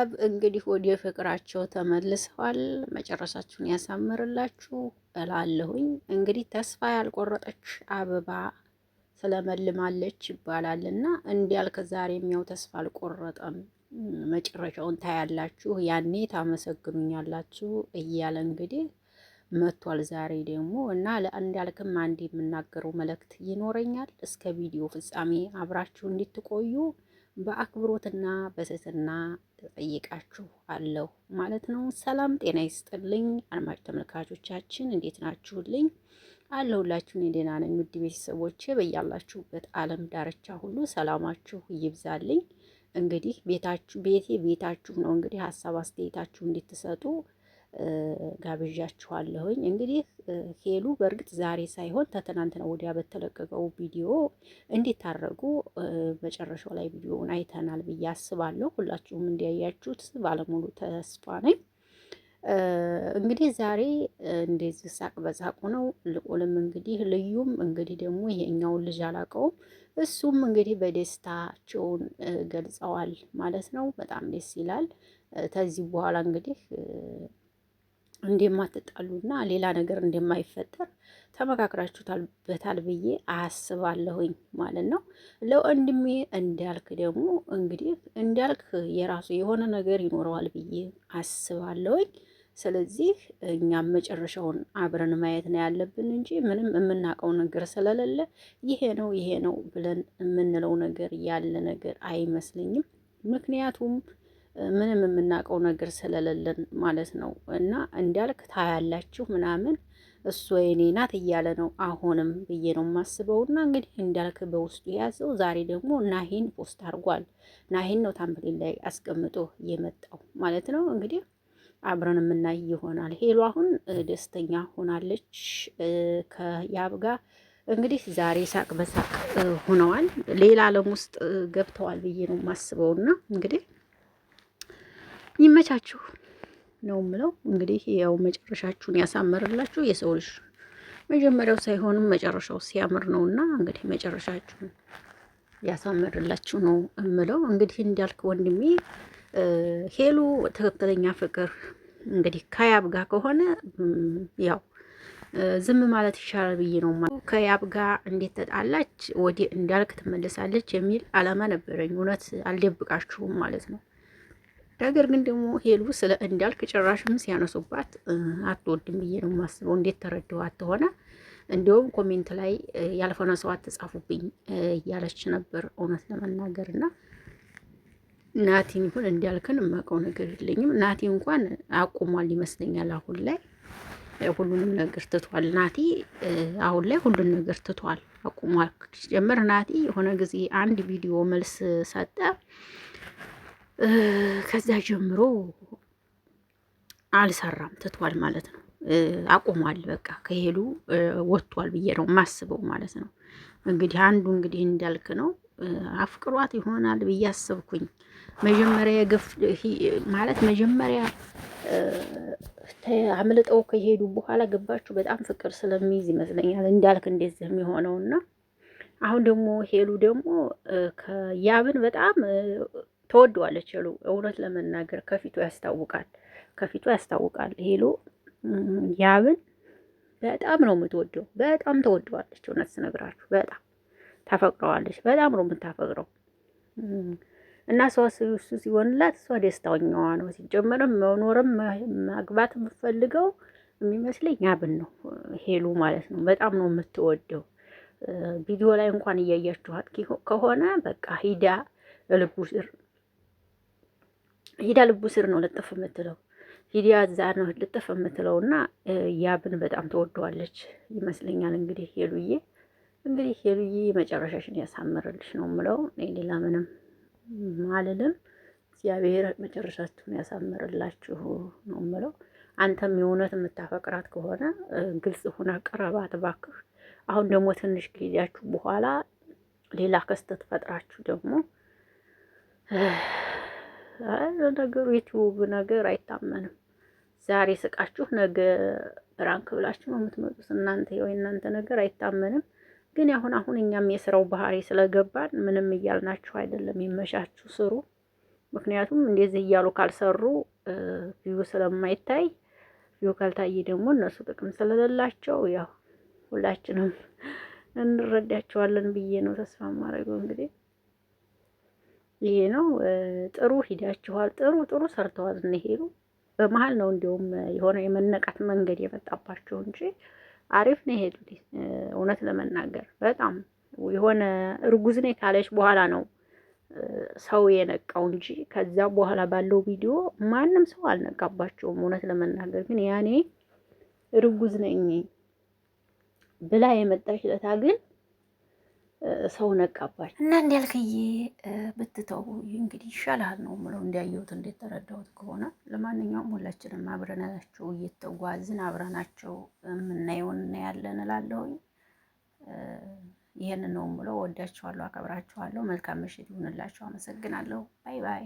ሂጃብ እንግዲህ ወደ ፍቅራቸው ተመልሰዋል። መጨረሻችሁን ያሳምርላችሁ እላለሁኝ። እንግዲህ ተስፋ ያልቆረጠች አበባ ስለመልማለች ይባላል እና እንዲያልክ ዛሬም ያው ተስፋ አልቆረጠም። መጨረሻውን ታያላችሁ፣ ያኔ ታመሰግኑኛላችሁ እያለ እንግዲህ መጥቷል። ዛሬ ደግሞ እና ለእንዳልክም አንድ የምናገረው መልእክት ይኖረኛል። እስከ ቪዲዮ ፍጻሜ አብራችሁ እንድትቆዩ በአክብሮትና በትህትና ጠይቃችሁ አለሁ ማለት ነው። ሰላም ጤና ይስጥልኝ አድማጭ ተመልካቾቻችን እንዴት ናችሁልኝ? አለሁላችሁን የደህና ነኝ። ውድ ቤተሰቦቼ በያላችሁበት ዓለም ዳርቻ ሁሉ ሰላማችሁ ይብዛልኝ። እንግዲህ ቤታችሁ ቤቴ ቤታችሁ ነው። እንግዲህ ሀሳብ አስተያየታችሁ እንድትሰጡ ጋብዣችኋለሁኝ። እንግዲህ ሄሉ በእርግጥ ዛሬ ሳይሆን ተትናንትና ወዲያ በተለቀቀው ቪዲዮ እንዲታረጉ መጨረሻው ላይ ቪዲዮውን አይተናል ብዬ አስባለሁ። ሁላችሁም እንዲያያችሁት ባለሙሉ ተስፋ ነኝ። እንግዲህ ዛሬ እንደዚህ ሳቅ በሳቁ ነው። ልቁልም እንግዲህ ልዩም እንግዲህ ደግሞ ይሄኛውን ልጅ አላውቀውም። እሱም እንግዲህ በደስታቸውን ገልጸዋል ማለት ነው። በጣም ደስ ይላል። ከዚህ በኋላ እንግዲህ እንደማትጣሉና ሌላ ነገር እንደማይፈጠር በታል ብዬ አስባለሁኝ ማለት ነው። ለወንድሜ እንዳልክ ደግሞ እንግዲህ እንዳልክ የራሱ የሆነ ነገር ይኖረዋል ብዬ አስባለሁኝ። ስለዚህ እኛም መጨረሻውን አብረን ማየት ነው ያለብን እንጂ ምንም የምናውቀው ነገር ስለሌለ ይሄ ነው ይሄ ነው ብለን የምንለው ነገር ያለ ነገር አይመስለኝም። ምክንያቱም ምንም የምናውቀው ነገር ስለሌለን ማለት ነው። እና እንዳልክ ታያላችሁ ምናምን እሱ የኔ ናት እያለ ነው አሁንም ብዬ ነው የማስበው። እና እንግዲህ እንዳልክ በውስጡ የያዘው ዛሬ ደግሞ ናሂን ፖስት አድርጓል። ናሂን ነው ታምሌ ላይ አስቀምጦ የመጣው ማለት ነው። እንግዲህ አብረን የምናይ ይሆናል። ሄሎ አሁን ደስተኛ ሆናለች ከያብ ጋር እንግዲህ ዛሬ ሳቅ በሳቅ ሆነዋል። ሌላ ዓለም ውስጥ ገብተዋል ብዬ ነው የማስበውና እንግዲህ ይመቻችሁ ነው ምለው። እንግዲህ ያው መጨረሻችሁን ያሳምርላችሁ። የሰው ልጅ መጀመሪያው ሳይሆንም መጨረሻው ሲያምር ነውና እንግዲህ መጨረሻችሁን ያሳምርላችሁ ነው እምለው። እንግዲህ እንዳልክ ወንድሜ ሄሉ ትክክለኛ ፍቅር እንግዲህ ከያብ ጋር ከሆነ ያው ዝም ማለት ይሻላል ብዬ ነው ማለት ከያብ ጋር እንዴት ተጣላች ወዲህ እንዳልክ ትመለሳለች የሚል አላማ ነበረኝ። እውነት አልደብቃችሁም ማለት ነው። ነገር ግን ደግሞ ሄሉ ስለ እንዳልክ ጭራሽም ሲያነሱባት አትወድም ብዬ ነው የማስበው። እንዴት ተረድኋት ሆነ። እንዲሁም ኮሜንት ላይ ያልሆነ ሰው አትጻፉብኝ እያለች ነበር። እውነት ለመናገር እና ናቲን ይሁን እንዳልክን የማውቀው ነገር የለኝም። ናቲ እንኳን አቁሟል ይመስለኛል አሁን ላይ ሁሉንም ነገር ትቷል። ናቲ አሁን ላይ ሁሉን ነገር ትቷል፣ አቁሟል። ጀምር ናቲ የሆነ ጊዜ አንድ ቪዲዮ መልስ ሰጠ ከዛ ጀምሮ አልሰራም ትቷል ማለት ነው። አቁሟል። በቃ ከሄሉ ወጥቷል ብዬ ነው የማስበው ማለት ነው። እንግዲህ አንዱ እንግዲህ እንዳልክ ነው አፍቅሯት ይሆናል ብዬ አስብኩኝ። መጀመሪያ የገፍ ማለት መጀመሪያ አምልጠው ከሄዱ በኋላ ገባችሁ በጣም ፍቅር ስለሚይዝ ይመስለኛል እንዳልክ እንደዚህ የሚሆነውና አሁን ደግሞ ሄሉ ደግሞ ከያብን በጣም ተወደዋለች ሄሉ። እውነት ለመናገር ከፊቱ ያስታውቃል፣ ከፊቱ ያስታውቃል። ሄሉ ያብን በጣም ነው የምትወደው። በጣም ተወደዋለች። እውነት ስነግራችሁ በጣም ታፈቅረዋለች። በጣም ነው የምታፈቅረው እና ሰው እሱ ሲሆንላት እሷ ደስታኛዋ ነው። ሲጀመርም መኖርም ማግባት የምፈልገው የሚመስለኝ ያብን ነው ሄሉ ማለት ነው። በጣም ነው የምትወደው። ቪዲዮ ላይ እንኳን እያያችኋት ከሆነ በቃ ሂዳ ልቡ ስር ሂዳ ልቡ ስር ነው ልጥፍ የምትለው ሂዲያ እዛ ነው ልጥፍ የምትለው እና ያብን በጣም ተወደዋለች ይመስለኛል። እንግዲህ ሄሉዬ እንግዲህ ሄሉዬ መጨረሻሽን ያሳምርልሽ ነው ምለው። ሌላ ምንም አልልም። እግዚአብሔር መጨረሻችሁን ያሳምርላችሁ ነው ምለው። አንተም የእውነት የምታፈቅራት ከሆነ ግልጽ ሁና ቅረባት እባክህ። አሁን ደግሞ ትንሽ ጊዜያችሁ በኋላ ሌላ ክስተት ፈጥራችሁ ደግሞ ነገሩ ዩቲዩብ ነገር አይታመንም። ዛሬ ስቃችሁ ነገ ራንክ ብላችሁ ነው የምትመጡት እናንተ ወይ እናንተ ነገር አይታመንም። ግን አሁን አሁን እኛም የስራው ባህሪ ስለገባን ምንም እያልናችሁ አይደለም፣ ይመሻችሁ ስሩ። ምክንያቱም እንደዚህ እያሉ ካልሰሩ ቪዩ ስለማይታይ ቪዩ ካልታየ ደግሞ እነሱ ጥቅም ስለሌላቸው ያው ሁላችንም እንረዳቸዋለን ብዬ ነው ተስፋ ማድረገው እንግዲህ ይሄ ነው። ጥሩ ሂዳችኋል። ጥሩ ጥሩ ሰርተዋል እንሄዱ በመሀል ነው እንዲሁም የሆነ የመነቃት መንገድ የመጣባቸው እንጂ አሪፍ ነው የሄዱት። እውነት ለመናገር በጣም የሆነ እርጉዝ ነኝ ካለች በኋላ ነው ሰው የነቃው እንጂ ከዛ በኋላ ባለው ቪዲዮ ማንም ሰው አልነቃባቸውም። እውነት ለመናገር ግን ያኔ እርጉዝ ነኝ ብላ የመጣች ለታ ግን ሰው ነቃባች እና እንዲያልክዬ ብትተው እንግዲህ ይሻልሃል ነው ምለው እንዲያየሁት እንዴት ከሆነ ለማንኛውም ሁላችንም አብረናቸው እየተጓዝን አብረናቸው የምናየውን እናያለን እላለሁኝ። ይህን ነው ምለው ወዳችኋለሁ፣ አከብራችኋለሁ። መልካም ምሽት ይሁንላችሁ። አመሰግናለሁ። ባይ ባይ።